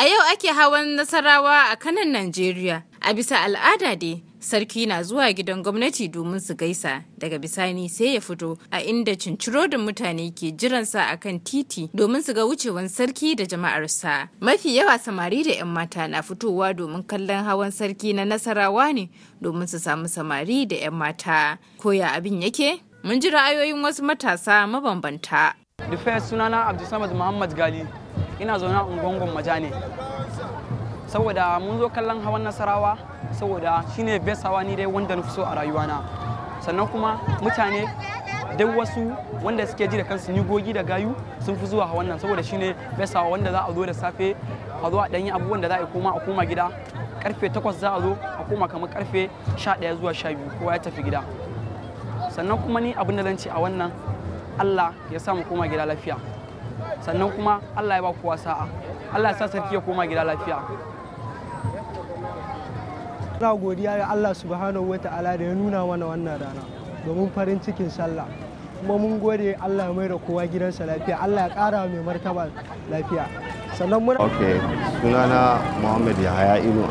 A yau ake hawan Nasarawa a kanan Najeriya. A bisa al'ada dai, sarki na zuwa gidan gwamnati domin su gaisa daga bisani sai ya fito a inda cinciro da mutane ke jiransa a kan titi domin su ga wucewan sarki da jama'arsa mafi yawa samari da 'yan mata na fitowa domin kallon hawan sarki na nasarawa ne domin su samu samari da 'yan mata koya abin yake mun ji ra'ayoyin wasu matasa mabambanta first sunana abdulsamad muhammad gali ina zaune a ungongon maja ne saboda mun zo kallon hawan nasarawa saboda shine best hawa ni dai wanda na fi so a rayuwana sannan kuma mutane duk wasu wanda suke ji da kansu ni gogi da gayu sun fi zuwa hawan nan saboda shine best hawa wanda za a zo da safe a zo a dan yi abubuwan da za a koma a koma gida karfe 8 za a zo a koma kamar karfe 11 zuwa 12 kowa ya tafi gida sannan kuma ni abin da zan ce a wannan Allah ya sa mu koma gida lafiya sannan kuma Allah ya ba kowa sa'a Allah sa sarki ya koma gida lafiya ina godiya ga Allah subhanahu ta'ala da ya nuna mana wannan rana domin farin cikin sallah kuma mun gode Allah ya mai da kowa gidansa lafiya Allah ya kara mai martaba lafiya sannan muna ok sunana Muhammad Yahaya Inu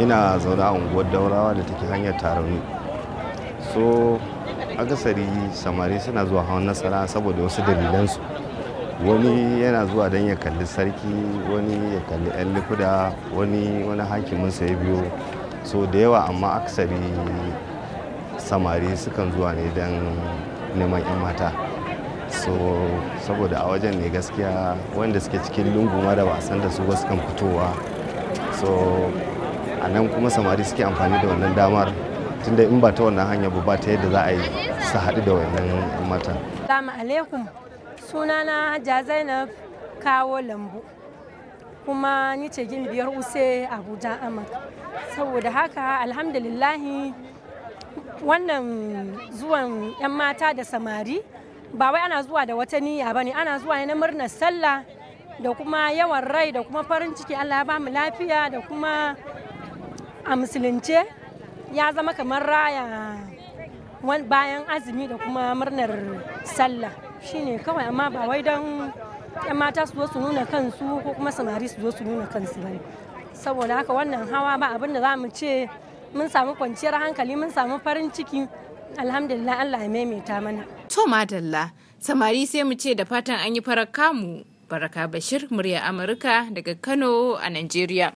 ina zaune a unguwar Daurawa da take hanyar Tarauni so akasari samari suna zuwa hawan nasara saboda wasu dalilansu wani yana zuwa don ya kalli sarki wani ya kalli 'yan likuda wani wani hakimin ya biyu so da yawa amma aksari samari sukan zuwa ne don neman 'yan mata so saboda a wajen ne gaskiya wanda suke cikin lungu ma da wasan da su wasu kan fitowa so a nan kuma samari suke amfani da wannan damar tunda in ba ta wannan hanya ba ta yadda za a yi su haɗu da wannan yan mata sunana hajja zainab kawo lambu kuma ni ce biyar use abuja amur saboda haka alhamdulillahi wannan zuwan 'yan mata da samari ba wai ana zuwa da wata niyya ba ne ana zuwa ne na murnar sallah da kuma yawan rai da kuma farin ciki allah ya ba mu lafiya da kuma a musulunce ya zama kamar raya bayan azumi da kuma murnar sallah shine kawai amma ba wai don yan mata su zo su nuna kansu ko kuma samari su zo su nuna kansu bane saboda haka wannan hawa ba abin da za mu ce mun samu kwanciyar hankali mun samu farin ciki alhamdulillah Allah ya maimaita mana to madalla samari sai mu ce da fatan an yi farar kamu baraka bashir murya amurka daga kano a nigeria.